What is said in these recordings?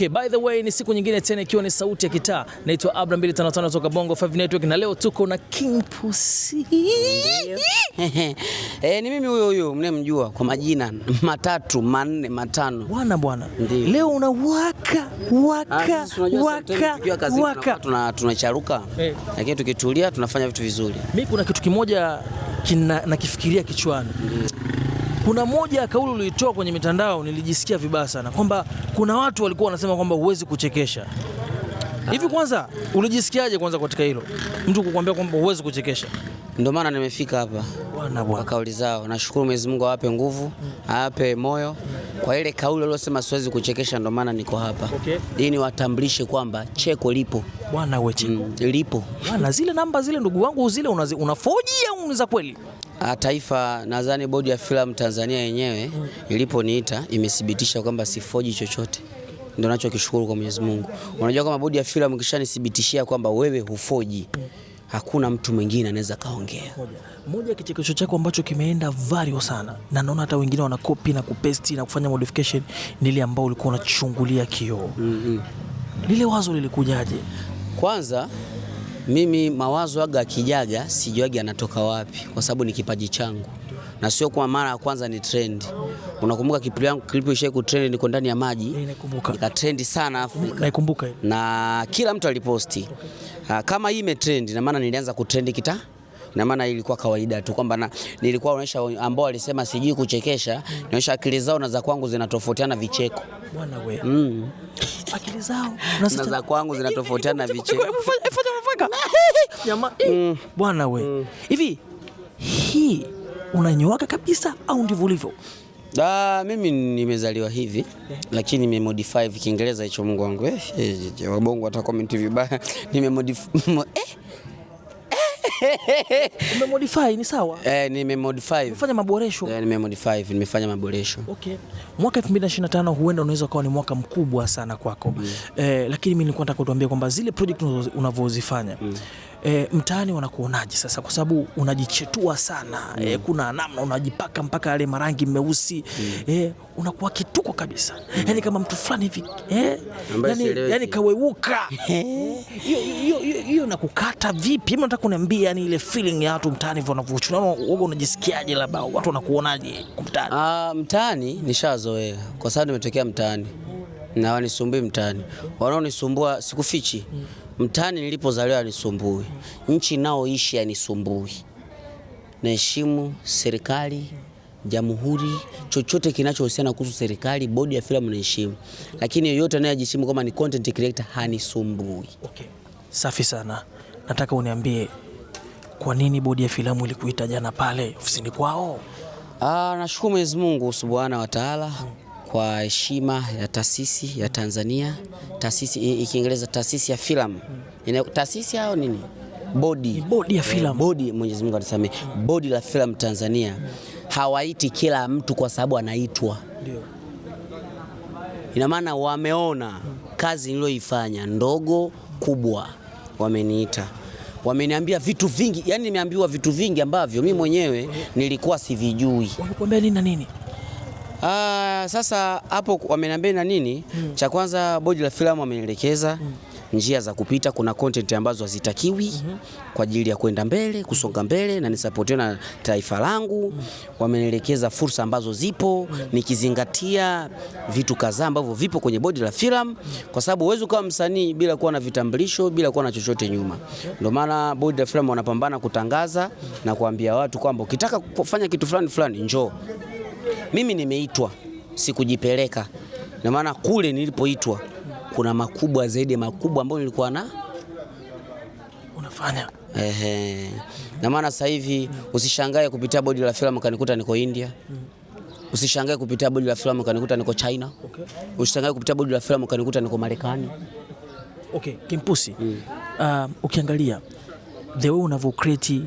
Okay, by the way ni siku nyingine tena ikiwa ni sauti ya kitaa. Naitwa Abra 255 kutoka Bongo 5 Network na leo tuko na King Pusi. Eh, ni mimi huyo huyo mnemjua kwa majina matatu, manne, matano. Bwana bwana. Leo una waka waka ah, waka waka. Tuna tunacharuka. Eh. Lakini tukitulia tunafanya vitu vizuri. Mimi kuna kitu kimoja kina nakifikiria kichwani. Kuna moja ya kauli uliitoa kwenye mitandao nilijisikia vibaya sana, kwamba kuna watu walikuwa wanasema kwamba huwezi kuchekesha. Hivi kwanza ulijisikiaje kwanza katika hilo, mtu kukuambia kwamba huwezi kuchekesha? Ndio maana nimefika hapa kwa kauli zao. Nashukuru Mwenyezi Mungu awape nguvu, awape moyo kwa ile kauli aliyosema siwezi kuchekesha, ndio maana niko hapa okay. Ili niwatambulishe kwamba cheko lipo bwana, wewe cheko mm, lipo bwana. Zile namba zile, ndugu wangu, zile unafojia unafoji za kweli? Ah, taifa nadhani bodi ya filamu Tanzania yenyewe iliponiita imethibitisha kwamba sifoji chochote, ndio nachokishukuru kwa Mwenyezi Mungu. Unajua kama bodi ya filamu kishanithibitishia kwamba wewe hufoji, hakuna mtu mwingine anaweza kaongea. Moja ya kichekesho chako ambacho kimeenda viral sana na naona hata wengine wanakopi na kupaste na kufanya modification ni ile ambao ulikuwa unachungulia kioo. mm -hmm. Lile wazo lilikujaje? Kwanza mimi mawazo aga akijaga sijuagi anatoka wapi, kwa sababu ni kipaji changu na sio kwa mara ya kwanza, ni trend. Unakumbuka kipindi yangu, klipu ishe ku trend, niko ndani ya maji, ika trend sana Afrika. Naikumbuka na kila mtu aliposti. Ah, kama hii ime trend, na maana nilianza ku trend kita na maana ilikuwa kawaida tu kwamba nilikuwa naonyesha ambao walisema sijui kuchekesha, naonyesha akili zao na za kwangu zinatofautiana vicheko bwana wewe mm. akili zao na za kwangu zinatofautiana vicheko bwana wewe hivi hii unanyoaka kabisa au ndivyo ulivyo? Da, mimi nimezaliwa hivi Lakini nimemodify Kiingereza hicho, Mungu wangu eh, wabongo watakomenti vibaya. nimemodify eh Umemodify ni sawa? Eh, nimemodify. Umefanya maboresho? Eh, nimemodify, nimefanya maboresho. Okay. Mwaka 2025 huenda unaweza kuwa ni mwaka mkubwa sana kwako. Mm. Eh, lakini mimi nilikuwa nataka kutuambia kwamba zile project unazozifanya. Mm e, mtaani wanakuonaje sasa, kwa sababu unajichetua sana mm. E, kuna namna unajipaka mpaka yale marangi meusi mm. E, unakuwa kituko kabisa mm. Yani kama mtu fulani hivi eh, yani, yani kaweuka hiyo nakukata vipi? Mimi nataka kuniambia, yani ile feeling ya watu mtaani hivyo wanavyochuna, wewe unajisikiaje? Labda watu wanakuonaje mtaani? Ah, mtaani nishazoea kwa sababu nimetokea mtaani na wanisumbui mtaani. Wanaonisumbua sikufichi mtaani, nilipozaliwa anisumbui, nchi naoishi anisumbui. Naheshimu serikali jamhuri, chochote kinachohusiana kuhusu serikali, bodi ya filamu naheshimu, lakini yoyote anayejiheshimu kama ni content creator hanisumbui. Okay. Safi sana. Nataka uniambie kwa nini bodi ya filamu ilikuita jana pale ofisini kwao? Ah, nashukuru Mwenyezi Mungu Subhana wa Taala hmm kwa heshima ya taasisi ya Tanzania, taasisi ikiingereza taasisi ya filamu taasisi yao nini bodi bodi ya eh, filamu bodi, Mwenyezi Mungu anisamee, bodi la filamu Tanzania hawaiti kila mtu kwa sababu anaitwa, ndio ina maana wameona kazi niliyoifanya ndogo kubwa, wameniita wameniambia vitu vingi, yani nimeambiwa vitu vingi ambavyo mimi mwenyewe nilikuwa sivijui. Wamekuambia nini na nini? Uh, sasa hapo wameniambia na nini? Mm. Cha kwanza bodi la filamu wamenielekeza mm njia za kupita. Kuna content ambazo hazitakiwi mm -hmm. kwa ajili ya kwenda mbele, kusonga mbele na nisapotiwe na taifa langu mm -hmm. wamenielekeza fursa ambazo zipo mm -hmm. nikizingatia vitu kadhaa ambavyo vipo kwenye bodi la filamu, kwa sababu huwezi ukawa msanii bila kuwa na vitambulisho, bila kuwa na chochote nyuma. Ndio maana bodi la filamu wanapambana kutangaza na kuambia watu kwamba ukitaka kufanya kitu fulani fulani njoo mimi nimeitwa sikujipeleka, na maana kule nilipoitwa kuna makubwa zaidi ya makubwa ambayo nilikuwa na unafanya ehe. Na maana sasa hivi usishangae kupitia bodi la filamu kanikuta niko India. Usishangae kupitia bodi la filamu kanikuta niko China. Okay. Usishangae kupitia bodi la filamu kanikuta niko Marekani. Okay, Kimpusi. Mm. Uh, ukiangalia the way unavyo create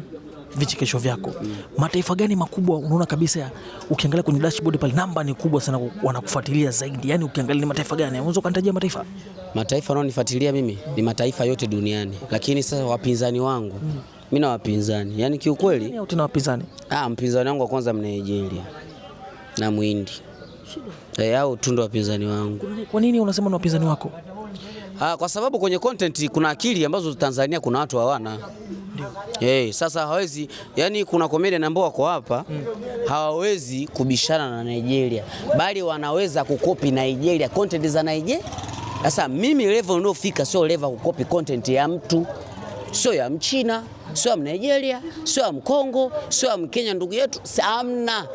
vichekesho vyako mm. Mataifa gani makubwa unaona kabisa, ukiangalia kwenye dashboard pale namba ni kubwa sana, wanakufuatilia zaidi? Yani ukiangalia ni mataifa gani, unaweza kunitajia mataifa? Mataifa wanaonifuatilia mimi mm. ni mataifa yote duniani, lakini sasa wapinzani wangu mm. mimi na wapinzani yani kiukweli, yaani tuna wapinzani? Ah, mpinzani wangu wa kwanza Mnigeria na Mwindi eh, au tundo tu ndo wapinzani wangu. Kwa nini unasema ni wapinzani wako? Ah, kwa sababu kwenye content kuna akili ambazo Tanzania kuna watu hawana. Hey, eh, sasa hawezi yani, kuna comedian ambao wako hapa hmm. hawawezi kubishana na Nigeria, bali wanaweza kukopi Nigeria, content za Nigeria. Sasa mimi level niliofika sio level kukopi content ya mtu sio ya Mchina, sio ya Mnigeria, sio ya Mkongo, sio ya Mkenya ndugu yetu, samna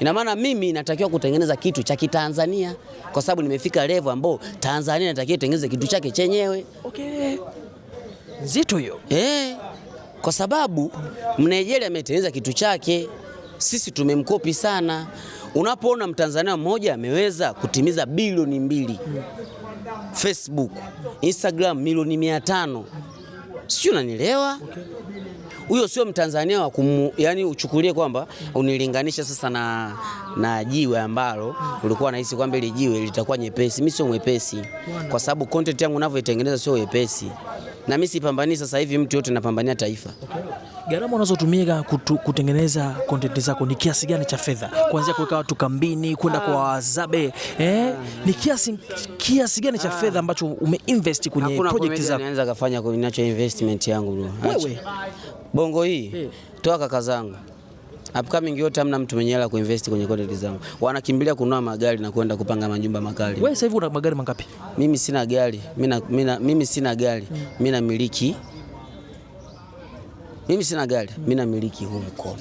Ina maana mimi natakiwa kutengeneza kitu cha Kitanzania kwa sababu nimefika level ambao Tanzania natakiwa itengeneze kitu chake chenyewe. Okay. Nzito hiyo. Eh. Kwa sababu Mnigeria ametengeneza kitu chake, sisi tumemkopi sana. Unapoona Mtanzania mmoja ameweza kutimiza bilioni mbili, Facebook, Instagram milioni mia tano sio, unanielewa? Huyo sio Mtanzania wa kumu, yani uchukulie kwamba unilinganisha sasa na, na jiwe ambalo ulikuwa unahisi kwamba ile jiwe litakuwa nyepesi. Mimi sio mwepesi, kwa sababu content yangu ninavyoitengeneza sio wepesi na mimi sipambani sasa hivi mtu yote, napambania taifa okay gharama unazotumia kutengeneza content zako ni kiasi gani cha fedha, kuanzia kuweka watu kambini kwenda kwa wazabe ah. eh? Ni kiasi kiasi gani cha ah. fedha ambacho umeinvest kwenye project zako? Naweza kafanya kwa ninacho investment yangu bro. Wewe bongo hii hey, eh. toa kaka zangu upcoming yote, hamna mtu mwenye hela kuinvest kwenye content zangu, wanakimbilia kununua magari na kwenda kupanga majumba makali. Wewe sasa hivi una magari mangapi? Mimi sina gari, mimi sina gari, hmm. mimi namiliki mimi sina gari, mimi namiliki huu mkono.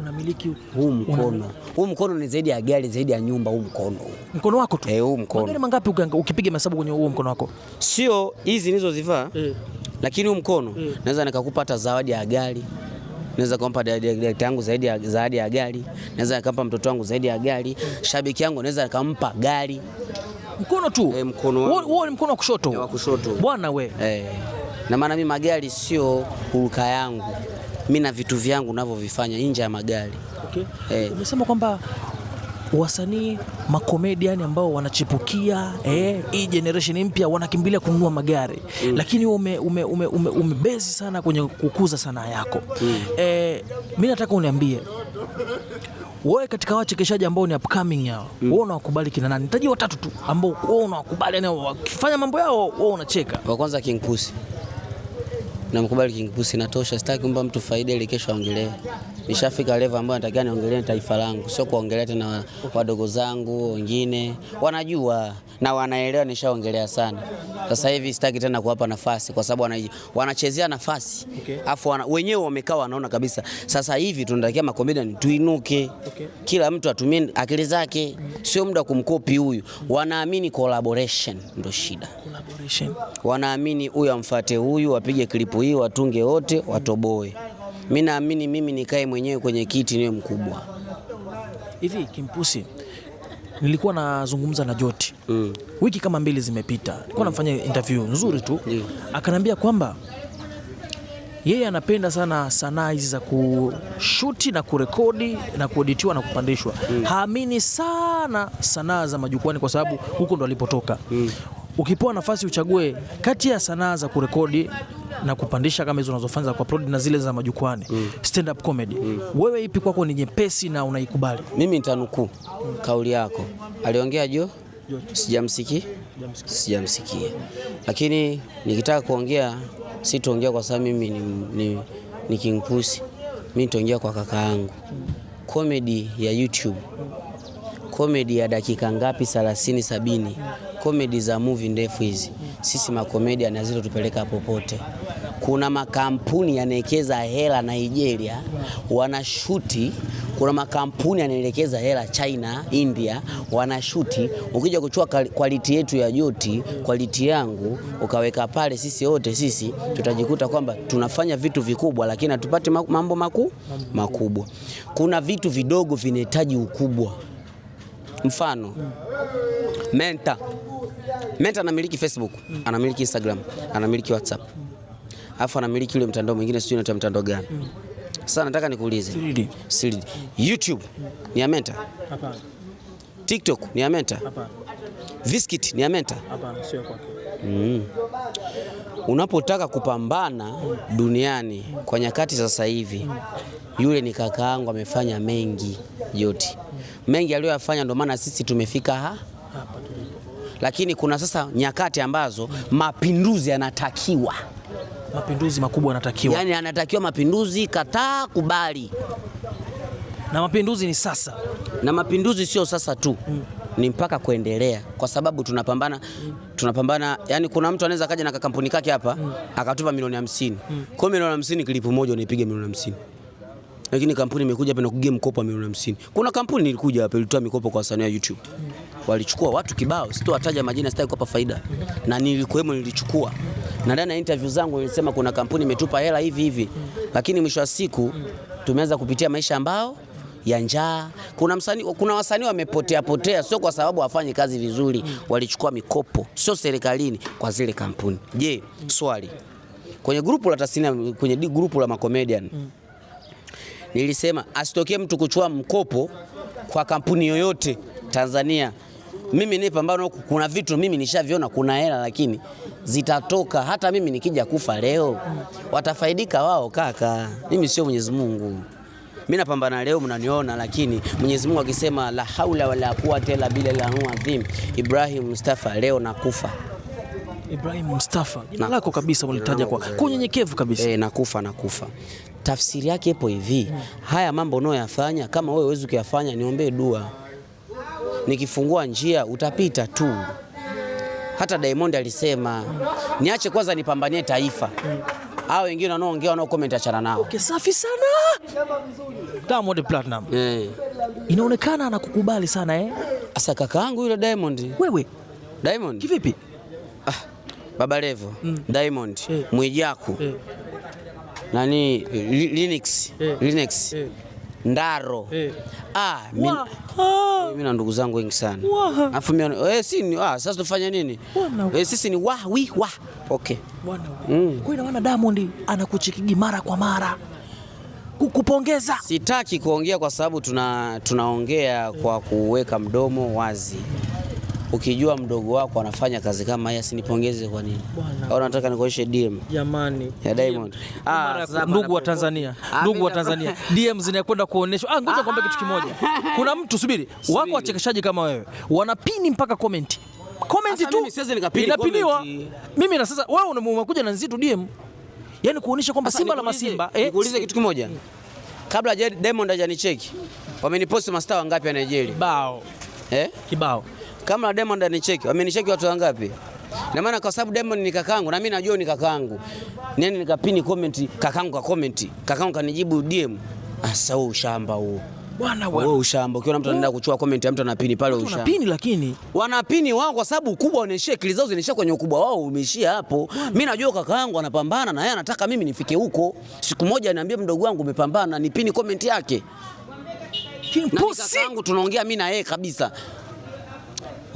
Unamiliki huu mkono. Huu mkono ni zaidi ya gari, zaidi ya nyumba, huu mkono. Mkono wako tu. Eh, huu mkono. Magari mangapi ukipiga mahesabu kwenye huu mkono wako? Sio hizi nilizozivaa. Eh. Lakini huu mkono eh, naweza nikakupata zawadi ya gari. Naweza kumpa dada yangu zaidi ya zawadi ya gari. Naweza nikampa mtoto wangu zaidi ya gari. Shabiki yangu naweza nikampa gari. Mkono tu. Eh, mkono. Wewe ni mkono wa kushoto. Wa kushoto. Bwana wewe. Eh na maana mimi magari sio hulka yangu, mimi na vitu vyangu navyovifanya nje ya magari. Okay. Eh. Umesema kwamba wasanii makomedian ambao wanachipukia eh, hii generation mpya wanakimbilia kununua magari mm. Lakini ume, ume, ume, ume, umebezi sana kwenye kukuza sanaa yako mm. Eh, mimi nataka uniambie wewe katika wachekeshaji ambao ni upcoming yao mm. wewe unawakubali kina nani? Nitaji watatu tu ambao wewe unawakubali, yani wakifanya mambo yao wewe unacheka. Wa kwanza King namkubali King Pusi, natosha. Sitaki kumpa mtu faida ili kesho aongelee. Nishafika level ambayo natakiwa niongelee taifa langu, sio kuongelea tena wadogo zangu wengine. Wanajua na wanaelewa, nishaongelea sana. Sasa hivi sitaki tena kuwapa nafasi, kwa sababu wanachezea nafasi okay. Afu wana, wenyewe wamekaa wanaona kabisa. Sasa hivi tunatakiwa makomedian tuinuke okay. Kila mtu atumie akili zake, sio muda kumkopi huyu. Wanaamini collaboration ndio shida, collaboration wanaamini huyu amfuate huyu apige klipu hii watunge wote watoboe. Mi naamini mimi nikae mwenyewe kwenye kiti niwe mkubwa hivi. Kimpusi, nilikuwa nazungumza na Joti mm. wiki kama mbili zimepita, nilikuwa mm. namfanya interview nzuri tu mm. akanambia kwamba yeye anapenda sana sanaa hizi za kushuti na kurekodi na kuoditiwa na kupandishwa mm. haamini sana sanaa za majukwani kwa sababu huko ndo alipotoka mm ukipewa nafasi uchague kati ya sanaa za kurekodi na kupandisha kama hizo unazofanya kwa prod na zile za majukwani mm. stand up comedy mm. wewe ipi kwako ni nyepesi na unaikubali? Mimi nitanukuu mm. kauli yako, aliongea Jo, sijamsikia sijamsikia, lakini nikitaka kuongea sitaongea kwa sababu mimi ni, ni, ni King Pusi. Mimi nitaongea kwa kaka yangu. Mm. Comedy ya YouTube komedi ya dakika ngapi 30 70, komedi za movie ndefu hizi, sisi makomedi tupeleka popote. Kuna makampuni yanaekeza hela Nigeria, wanashuti kuna makampuni yanaelekeza hela China, India, wanashuti. Ukija kuchua kwaliti yetu ya Joti, kwaliti yangu ukaweka pale, sisi wote sisi tutajikuta kwamba tunafanya vitu vikubwa, lakini hatupati mambo maku, makubwa. Kuna vitu vidogo vinahitaji ukubwa Mfano Menta Menta anamiliki Facebook anamiliki Instagram anamiliki WhatsApp alafu anamiliki ule mtandao mwingine, sio unaitwa mtandao gani Sasa nataka nikuulize Siridi. YouTube ni ya Menta? Hapana. TikTok ni ya Menta? Hapana. Viskit ni ya Menta? Hapana, sio kwake. Mm. Unapotaka kupambana duniani kwa nyakati sasa hivi, yule ni kakaangu amefanya mengi yote mengi aliyoyafanya, ndio maana sisi tumefika ha? hapa tulipo. Lakini kuna sasa nyakati ambazo mapinduzi yanatakiwa, mapinduzi makubwa yanatakiwa, yani anatakiwa mapinduzi, kataa kubali. Na mapinduzi ni sasa, na mapinduzi sio sasa tu mm ni mpaka kuendelea kwa sababu tunapambana tunapambana. Yani, kuna mtu anaweza kaja na kakampuni kake hapa mm. akatupa milioni hamsini. Mm. Kwa milioni hamsini, kilipu moja unaipiga milioni hamsini lakini kampuni imekuja hapa na kugia mkopo wa milioni 50. Kuna kampuni ilikuja hapa ilitoa mikopo kwa wasanii wa YouTube. Walichukua watu kibao, sitowataja majina, sitaki kuwapa faida. Na nilikuwemo, nilichukua. Na ndani ya interview zangu nilisema kuna kampuni imetupa hela hivi hivi. Lakini mwisho wa siku tumeanza kupitia maisha ambao ya njaa. Kuna msanii, kuna wasanii wamepotea potea, sio kwa sababu wafanyi kazi vizuri, walichukua mikopo sio serikalini, kwa zile kampuni. Je, swali. Kwenye grupu la tasnia, kwenye grupu la makomedian mm nilisema asitokee mtu kuchukua mkopo kwa kampuni yoyote Tanzania. Mimi ni pambano, kuna vitu mimi nishaviona, kuna hela lakini zitatoka. Hata mimi nikija kufa leo, watafaidika wao kaka, mimi sio Mwenyezi Mungu. Mimi napambana leo, mnaniona, lakini Mwenyezi Mungu akisema la haula wala quwwata illa billah Ibrahim Mustafa leo nakufa. Ibrahim Mustafa, jina lako kabisa unalitaja kwa kunyenyekevu kabisa. Eh, nakufa nakufa. Tafsiri yake ipo hivi hmm. Haya mambo unayoyafanya kama wewe huwezi kuyafanya, niombee dua, nikifungua njia utapita tu. Hata Diamond alisema niache kwanza nipambanie taifa hmm. Hao wengine wanaoongea wanao comment achana nao. Okay, safi sana. Diamond Platinum. Eh. Inaonekana anakukubali sana eh. Asa kakaangu yule Diamond. Wewe Diamond. Kivipi? Baba Levo, mm. Diamond, yeah. Mwijaku yeah. nani Linux, yeah. Linux. Yeah. Ndaro yeah. Ah, mimi ah. na ndugu zangu wengi sana afu mimi eh, si ni ah, sasa tufanye nini eh, sisi ni wah wi wah okay bwana mm. kwa ina maana Diamond anakuchikigi mara kwa mara kukupongeza. Sitaki kuongea kwa sababu tuna tunaongea kwa kuweka mdomo wazi ukijua mdogo wako anafanya kazi kama hii, asinipongeze kwa nini? Au nataka nikuonyeshe DM jamani ya Diamond? Ah, ah, ndugu wa Tanzania, ndugu wa Tanzania, DM zinakwenda kuonyeshwa. Ah, ngoja kwambie kitu kimoja, kuna mtu subiri, wako wachekeshaji kama wewe wanapini mpaka comment comment tu Mimi siwezi nikapini. inapiniwa. Mimi na sasa, wewe umekuja na nzito DM, yani kuonyesha kwamba Simba la Masimba. Eh? Nikuulize kitu kimoja, mm. kabla Diamond hajanicheki wameniposti mastaa wangapi wa Nigeria bao eh kibao kama Diamond anicheki, amenicheki watu wangapi? Na maana kwa sababu Diamond ni kakangu na mimi najua ni kakangu. Nani nikapini comment, kakangu kwa comment, kakangu kanijibu DM. Asa huu ushamba huo. Bwana Wewe ushamba. Ukiona mtu anaenda kuchua comment ya mtu anapini pale ushamba. Wanapini lakini. Wanapini wao kwa sababu ukubwa unaishia akili zao zinaishia kwenye ukubwa wao umeishia hapo. Mimi najua kakaangu anapambana na yeye anataka mimi nifike huko. Siku moja niambie mdogo wangu umepambana, nipini comment yake. Kimpusi. Kakaangu tunaongea mimi na yeye kabisa.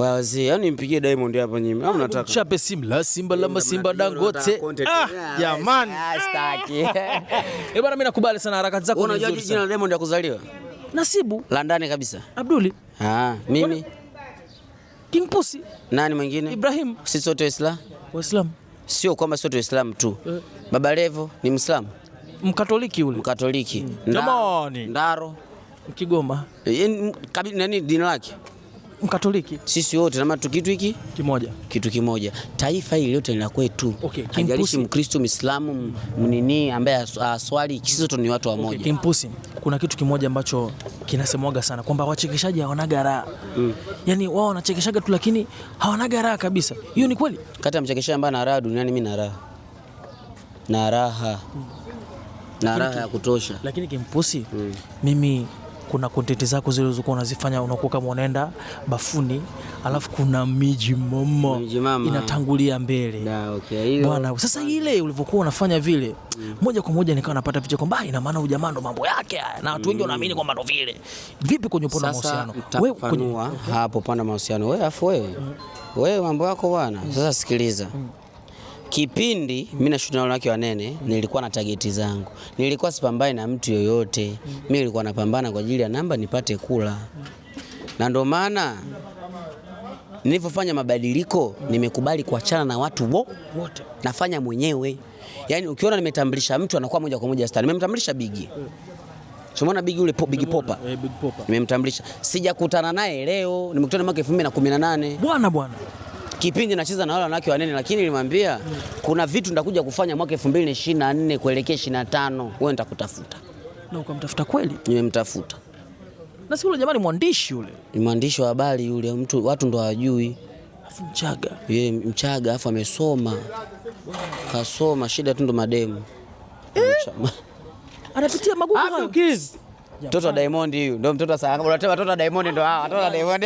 Wazi, yani mpigie Diamond hapo nyinyi. Au mnataka? Chape Simba, Simba la Masimba Dangote. Ah, jamani. staki. Eh, bwana mimi nakubali sana harakati zako. Unajua jina la Diamond ya kuzaliwa? Nasibu. La ndani kabisa. Abduli. Ah, mimi. King Pusi. Nani mwingine? Ibrahim. Sisi sote Waislamu. Waislamu. Sio kwamba sote Waislamu tu. Eh. Baba Levo ni Muislamu. Mkatoliki yule. Mkatoliki. Jamani. Ndaro. Kigoma. Mkigoma. Yaani, nani dini lake? Mkatoliki sisi wote na kitu hiki kimoja, kitu kimoja, taifa hili lote lina kwetu, okay. Haijalishi Mkristo, Muislamu, mnini ambaye aswali, sisi tu ni watu wa moja. Okay. Kimpusi, kuna kitu kimoja ambacho kinasemwaga sana kwamba wachekeshaji hawanaga raha mm. Yani wao wanachekeshaga tu, lakini hawanaga raha kabisa. Hiyo ni kweli? Kati ya mchekeshaji ambaye ana raha duniani, mimi na raha na raha mm. na raha ya kutosha, lakini kimpusi mm. mimi kuna kontenti zako zile ulizokuwa unazifanya, unakuwa kama unaenda bafuni, alafu kuna miji mama inatangulia mbele bwana. okay, Sasa ile ulivyokuwa unafanya vile mm. moja kwa moja nikawa napata picha kwamba ah, ina maana ujamaa ndo mambo yake haya, na watu wengi mm. wanaamini kwamba ndo vile. Vipi kwenye upande wa mahusiano wewe, kwenye hapo upande wa mahusiano wewe, afu wewe mm. wewe mambo yako bwana. Mm. Sasa sikiliza mm. Kipindi mimi na shoot wanawake wanene, nilikuwa na tageti zangu, nilikuwa sipambani na mtu yoyote. Mimi nilikuwa napambana kwa ajili ya namba nipate kula, na ndio maana nilivyofanya mabadiliko, nimekubali kuachana na watu wote, nafanya mwenyewe. Yani ukiona nimetambulisha mtu anakuwa moja kwa moja star. Nimemtambulisha Bigi Umeona Bigi yule Bigi Popa. Eh, Nimemtambulisha. Sijakutana naye leo, nimekutana mwaka 2018. Bwana bwana kipindi nacheza na wale wanawake wanene, lakini nilimwambia kuna vitu nitakuja kufanya mwaka 2024 kuelekea 25, wewe nitakutafuta. Na ukamtafuta kweli? Nimemtafuta. Na si yule jamani mwandishi yule. Ni mwandishi wa habari yule, mtu watu ndo hawajui. Afu Mchaga. Yeye Mchaga afu amesoma. Kasoma, shida tu ndo mademu. Eh? Anapitia magumu hayo mtoto wa Diamond huyu ndio mtoto sasa. Unatema mtoto wa Diamond ndio hawa mtoto wa Diamond.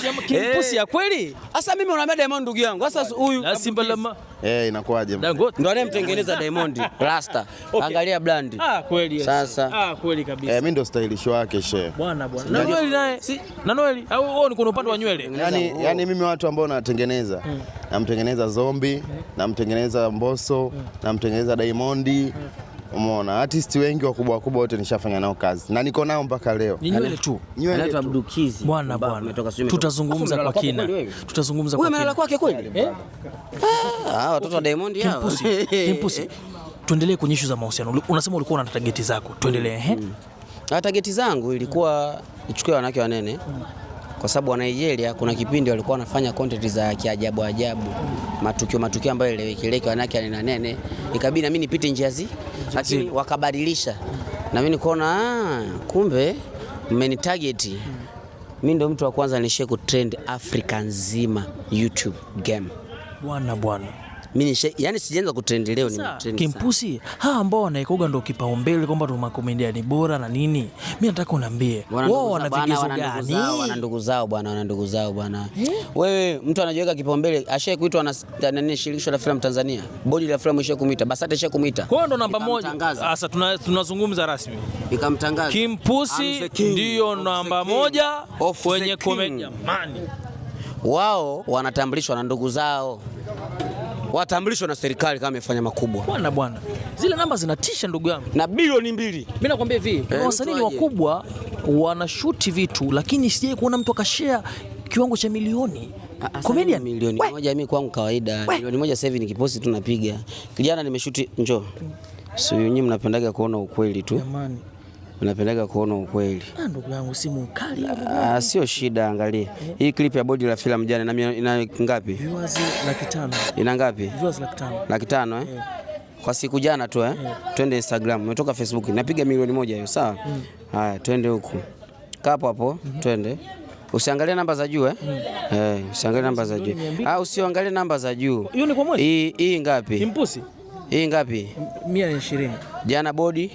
Diamond kimpusi eh. ya kweli. Sasa mimi unaambia Diamond ndugu yangu. Sasa huyu na Simba lama. Eh, inakuaje? ndio anayemtengeneza Diamond Rasta. Angalia brand. Ah, kweli. Sasa. Ah, kweli kabisa. Eh, mimi ndio stylish wake she. Bwana bwana. Na Noel naye. Si na Noel au wewe ni kuna upande wa nywele? Yaani yaani mimi watu ambao natengeneza. Hmm. Namtengeneza Zombi, hmm. namtengeneza Mboso, hmm. namtengeneza Diamond. Umeona artist wengi wakubwa wakubwa wote nishafanya nao kazi na niko nao mpaka leo. Ni nywele tu. Nywele tu abdukizi. Bwana bwana. Tutazungumza kwa kina. Tutazungumza kwa kina. Wewe mlala kwake kweli? Eh? Ah, ah watoto wa Diamond hao. Kimpusi. Kimpusi. Tuendelee kwenye issue za mahusiano. Unasema ulikuwa una target zako. Tuendelee, eh? Na mm. ah, target zangu ilikuwa nichukue wanawake wanene kwa sababu wa Nigeria kuna kipindi walikuwa wanafanya content za kiajabu ajabu, matukio matukio ambayo elewekileke wanake anena nene, ikabidi na mimi nipite njia zi, lakini wakabadilisha, na mimi nikaona ah, kumbe mmenitarget hmm. mimi ndo mtu wa kwanza nilishie kutrend Afrika nzima YouTube game. Bwana bwana mimi yani sijaanza kutrend leo ni trend. Kimpusi hawa ambao wanaikoga ndio kipaumbele kwamba ndo makomedia ni bora na nini, mimi nataka uniambie wao wana vigezo gani? Wana ndugu zao bwana, wana ndugu zao bwana. Eh? Wewe mtu anajiweka kipaumbele, ashaye kuitwa na nani? Shirikisho la filamu Tanzania, bodi la filamu ishaye kumuita, BASATA ishaye kumuita, kwa hiyo ndo namba moja. Sasa tunazungumza rasmi, ikamtangaza Kimpusi ndio namba moja kwenye komedia. Jamani, wao wanatambulishwa na ndugu zao watambulishwa na serikali kama imefanya makubwa. Bwana bwana, zile namba zinatisha ndugu yangu, na bilioni mbili. Mimi nakwambia hivi, eh, kuna wasanii wakubwa wanashuti vitu, lakini sijai kuona mtu akashea kiwango cha milioni ah, ah, Comedian milioni moja mimi kwangu kawaida. Milioni moja sasa hivi nikiposti tunapiga. Kijana nimeshuti njoo. Sio nyinyi mnapendaga kuona ukweli tu. Jamani. Unapendaga kuona ukweli. Ah, ndugu yangu simu kali. Ah, sio shida, angalia. Yeah. Hii clip ya Bodi la Filamu jana ina, ina ngapi? Viewers laki tano. Ina ngapi? Viewers laki tano. Laki tano eh? Yeah. Kwa siku jana tu eh? Yeah. Twende Instagram, umetoka Facebook. Napiga milioni moja hiyo, sawa? Mm. Haya, twende huku. Kapo hapo, mm -hmm. Twende. Usiangalie namba za juu eh? Mm. Eh, usiangalie namba za juu. Ah, usiangalie namba za juu. Hiyo ni kwa mwezi. Hii ngapi? Impusi. Hii ngapi? 120. Jana Bodi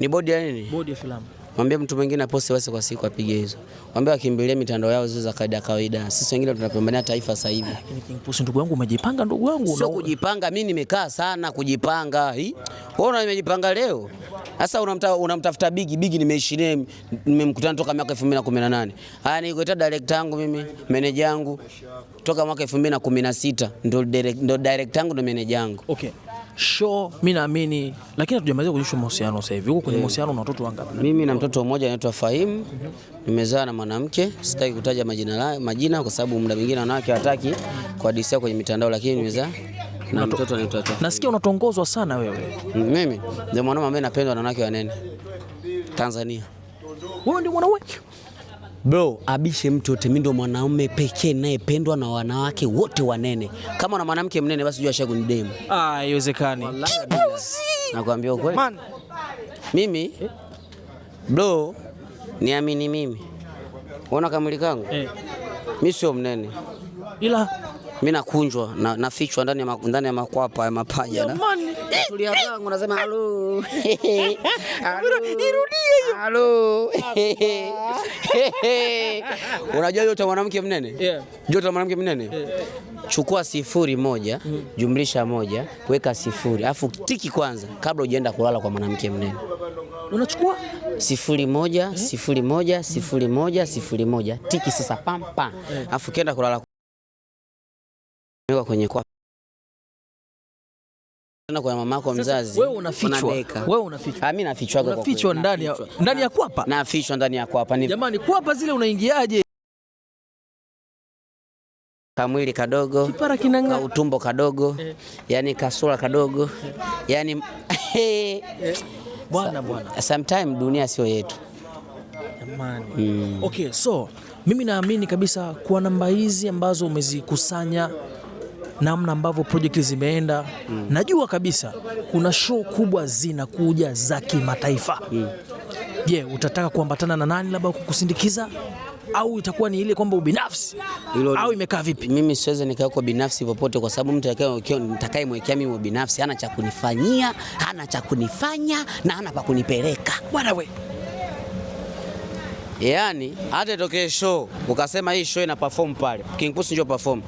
ni bodi ya nini? Bodi ya filamu. Mwambie mtu mwingine aposte wasi kwa siku apige hizo. Mwambie akimbilie mitandao yao hizo za kawaida kawaida. Sisi wengine tunapambania taifa sasa hivi. Lakini King Pusi ndugu wangu umejipanga ndugu wangu. Sio kujipanga, mimi nimekaa sana kujipanga. Wewe una umejipanga leo. Sasa unamta, unamtafuta Bigi, Bigi nimeishi naye nimemkutana toka mwaka 2018. Haya niko ita director yangu mimi, meneja yangu toka mwaka 2016 ndo director yangu ndo meneja yangu. Okay show mimi naamini, lakini hatujamaliza kujisha mahusiano. Sasa hivi Huko kwenye eh. mahusiano na watoto wangapi? Mimi na mtoto mmoja anaitwa Fahim, nimezaa na mwanamke, sitaki kutaja majina, majina kwa sababu muda mwingine wanawake hataki kuadisia kwenye mitandao, lakini nimezaa na mtoto anaitwa Tatu. Nasikia unatongozwa sana wewe. Mm, mimi ndio mwanaume ambaye napendwa na wanawake wanene Tanzania. Wewe ndio mwanaume Bro, abishe mtu yote, mimi ndo mwanaume pekee nayependwa na wanawake wote wanene. Kama na mwanamke mnene basi jua shagu ni demu. Ah, haiwezekani. Nakwambia ukweli. Man. Mimi eh? bro, niamini mimi. Unaona kamwili kangu? Eh. Mimi sio mnene. Ila mimi nakunjwa na nafichwa ndani ya ndani ya makwapa ya mapaja na. Tulia zangu nasema halo. Irudie hiyo. Halo. Unajua joto mwanamke mnene? Yeah. Joto mwanamke mnene? Yeah. Chukua sifuri moja, mm. jumlisha moja, weka sifuri. Afu tiki kwanza kabla hujaenda kulala kwa mwanamke mnene. Unachukua sifuri moja, eh? sifuri moja, sifuri moja, sifuri moja. Tiki sasa pam pam. Afu kenda kulala kwenye kwa na kwa mamako mzazi. Wewe unafichwa. Wewe unafichwa. Ah, Mimi nafichwa kwa kwa. ndani ya ndani ya kwapa. Nafichwa ndani ya kwapa. Ni Jamani, kwapa zile unaingiaje? Kamwili kadogo. Kipara kinanga. Ka utumbo kadogo. Eh. Yaani kasura kadogo. Eh. Yaani eh. Bwana bwana. Sometimes dunia sio yetu. Jamani. Mm. Okay, so mimi naamini kabisa kwa namba hizi ambazo umezikusanya namna ambavyo project zimeenda mm. Najua kabisa kuna show kubwa zinakuja za kimataifa mm. je, mm. yeah, utataka kuambatana na nani labda kukusindikiza au itakuwa ni ile kwamba ubinafsi Ilo, au imekaa vipi? Mimi siwezi nikawekwa binafsi popote, kwa sababu mtu nitakayemwekea mimi binafsi hana cha kunifanyia, hana cha kunifanya na hana pa kunipeleka bwana we. Yaani hata itokee show ukasema hii show ina perform pale Kinkusi, njoo perform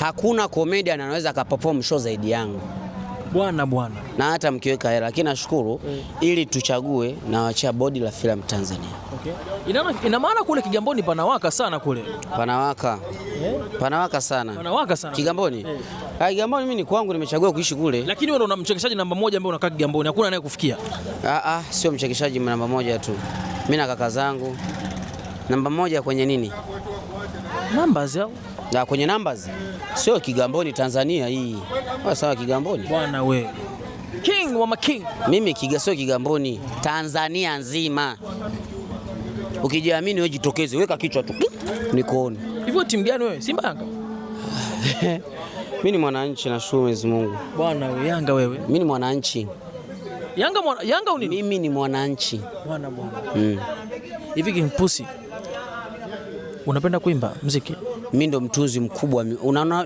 hakuna comedian anaweza akaperform show zaidi yangu bwana bwana, na hata mkiweka hela. Lakini nashukuru mm. ili tuchague na wachia bodi la filamu Tanzania. Okay. Ina, ina maana kule Kigamboni panawaka sana kule panawaka yeah. panawaka sana panawaka sana Kigamboni yeah. Eh. Ha, Kigamboni mimi ni kwangu, nimechagua kuishi kule. Lakini wewe una mchekeshaji namba moja ambaye unakaa Kigamboni, hakuna anayekufikia? Ah, ah, sio mchekeshaji namba moja tu, mimi na kaka zangu namba moja kwenye nini Namba zao. Na kwenye numbers sio Kigamboni Tanzania hii. Sawa Kigamboni. Bwana we King wa making. Mimi kiga sio Kigamboni, Tanzania nzima. Ukijiamini wewe jitokeze, weka kichwa tu nikuone. Hivyo timu gani wewe? Simba Yanga? Mimi ni mwananchi na shukuru Mwenyezi Mungu. Bwana wewe, Yanga wewe. Mimi ni mwananchi. Yanga mwana, Yanga unini? Mimi ni mwananchi. Bwana bwana. Mm. Hivi Mm. kimpusi. Unapenda kuimba muziki? mimi ndo mtunzi mkubwa.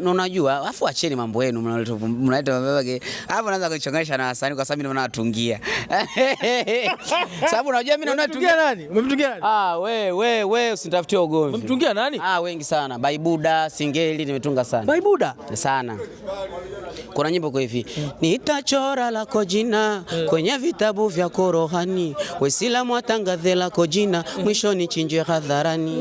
Unajua, afu acheni mambo yenu, mnaleta mambo yake hapo, naanza kuchonganisha na wasanii kwa sababu mimi naona atungia sababu unajua mimi naona atungia Nani umemtungia nani? Ah, wewe wewe wewe, usinitafutie ugomvi. Umemtungia nani? Ah, wengi sana, Baibuda, Singeli nimetunga sana Baibuda sana. Kuna nyimbo kwa hivi nitachora lako jina eh. kwenye vitabu vya korohani, Waislamu watangaze lako jina, eh. mwisho nichinjwe hadharani,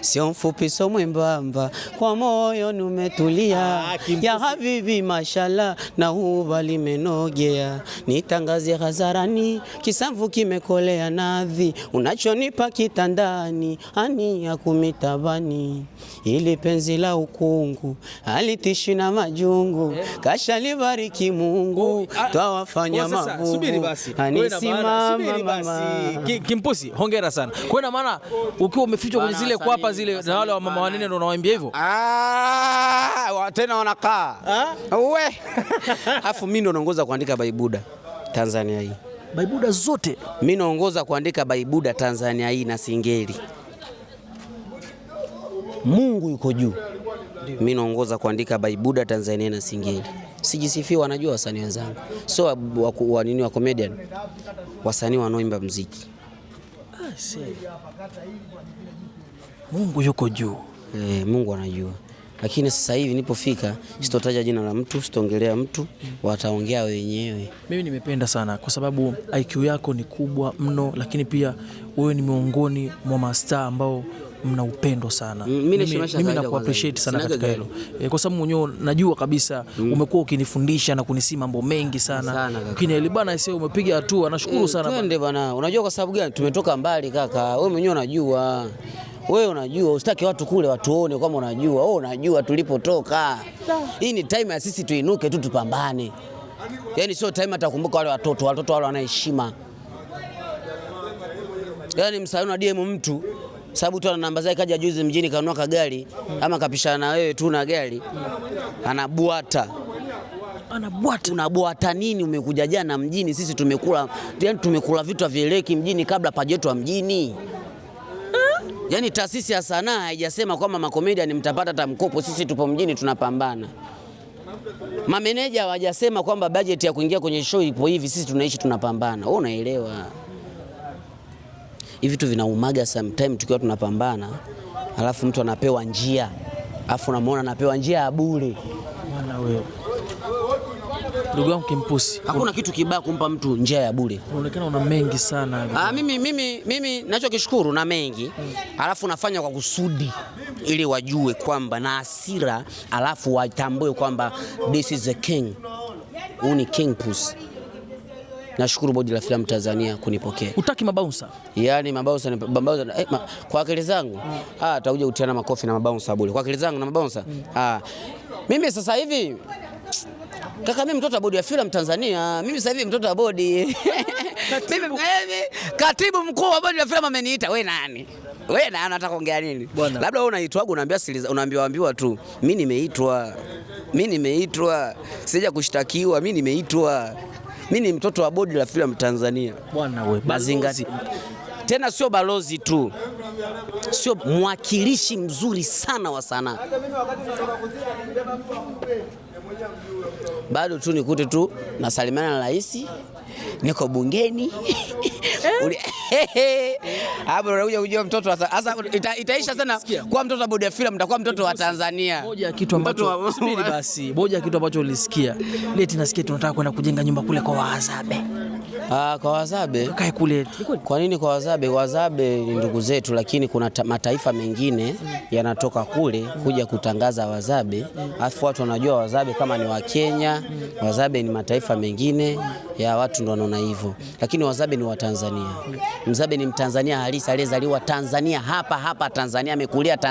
sio mfupi, sio mwembamba kwamba kwa moyo nimetulia, ah, ya habibi mashallah na huba limenogea, nitangazie hazarani kisamvu kimekolea nadhi, unachonipa kitandani, ani ya kumitabani, ili penzi la ukungu alitishi na majungu eh. kasha libariki Mungu oh, ah. twawafanya mabu anisimama mama Kimpusi, hongera sana kwa maana ukiwa umefichwa kwenye zile kwapa zile na wale wa mama wanene ndio kuniambia hivyo. Ah, tena wanakaa. Uwe. Alafu mimi ndo naongoza kuandika Baibuda Tanzania hii. Baibuda zote mimi naongoza kuandika Baibuda Tanzania hii na Singeli. Mungu yuko juu. Mimi naongoza kuandika Baibuda Tanzania na Singeli. Sijisifii, wanajua wasanii wenzangu, so wa, wa, nini wa comedian, wasanii wanaoimba mziki. Ah, Mungu yuko juu. E, Mungu anajua. Lakini sasa hivi nipofika, sitotaja jina la mtu, sitoongelea mtu, wataongea wenyewe. Mimi nimependa sana kwa sababu IQ yako ni kubwa mno, lakini pia wewe ni miongoni mwa mastaa ambao mna upendo sana. Mm, mimi naku appreciate sana katika hilo e, kwa sababu mwenyewe najua kabisa mm. umekuwa ukinifundisha na kunisi mambo mengi ah, sana, ukinielibana sasa, umepiga hatua, nashukuru e, sana twende bana. Unajua kwa sababu gani tumetoka mbali kaka, wewe mwenyewe unajua wewe unajua, usitaki watu kule watuone kama unajua wewe, unajua tulipotoka. Hii ni time ya sisi tuinuke tu tupambane, yaani sio time atakumbuka wale watoto. Watoto wale heshima. yaani msana DM mtu sababu tu ana namba zake, kaja juzi mjini kanunua kagari ama kapishana na wewe tu na gari, anabwata anabuata unabuata nini? Umekuja jana mjini, sisi tumekula, yani, tumekula vitu vya mjini kabla pajetwa mjini Yaani taasisi ya sanaa haijasema kwamba ni mtapata hata mkopo, sisi tupo mjini tunapambana. Mameneja hawajasema kwamba bajeti ya kuingia kwenye show ipo hivi, sisi tunaishi tunapambana. Wewe unaelewa hivi vitu vinaumaga sometime, tukiwa tunapambana, alafu mtu anapewa njia, alafu unamwona anapewa njia ya bure ndugu yangu Kimpusi, hakuna kitu kibaya kumpa mtu njia ya bure. Unaonekana una mengi sana. Ah, mimi, mimi, mimi ninachokishukuru na mengi hmm. Alafu nafanya kwa kusudi ili wajue kwamba na hasira, alafu watambue kwamba this is a king, huu ni King Pusi. Nashukuru bodi la filamu Tanzania kunipokea. Utaki mabouncer? Yaani mabouncer ni mabouncer eh, ma, kwa akili zangu mm. Ah, utakuja utiana makofi na mabouncer bure. Kwa akili zangu na mabouncer mm. Ah, mimi sasa hivi Kaka, mimi mtoto wa bodi ya filamu Tanzania, mimi sasa hivi mtoto wa bodi katibu. Katibu mkuu wa bodi ya filamu ameniita. We nani? We nani? Unataka kuongea nini? Labda wewe unaitwaga, unaambia siliza, unaambia ambiwa tu, mimi nimeitwa, mimi nimeitwa, sija kushtakiwa, mimi nimeitwa, mimi ni mtoto wa bodi la filamu Tanzania. Bwana wewe, bazingati tena sio balozi tu, sio mwakilishi mzuri sana wa sanaa bado tu nikute tu nasalimiana na rais, niko bungeni eh? hapo unakuja kujua mtoto sasa, ita, itaisha sana kuwa mtoto wa bodi ya filamu, mtakuwa mtoto wa Tanzania. Moja kitu ambacho subiri basi, moja kitu ambacho ulisikia leti, nasikia tunataka kwenda kujenga nyumba kule kwa Wahadzabe Ah, kwa Wazabe kae kule. Kwa nini kwa Wazabe? Wazabe ni ndugu zetu, lakini kuna mataifa mengine yanatoka kule kuja kutangaza Wazabe, alafu watu wanajua Wazabe kama ni Wakenya. Wazabe ni mataifa mengine ya watu ndo wanaona hivyo, lakini Wazabe ni Watanzania. Mzabe ni Mtanzania halisi aliyezaliwa Tanzania, hapa hapa Tanzania, amekulia Tanzania.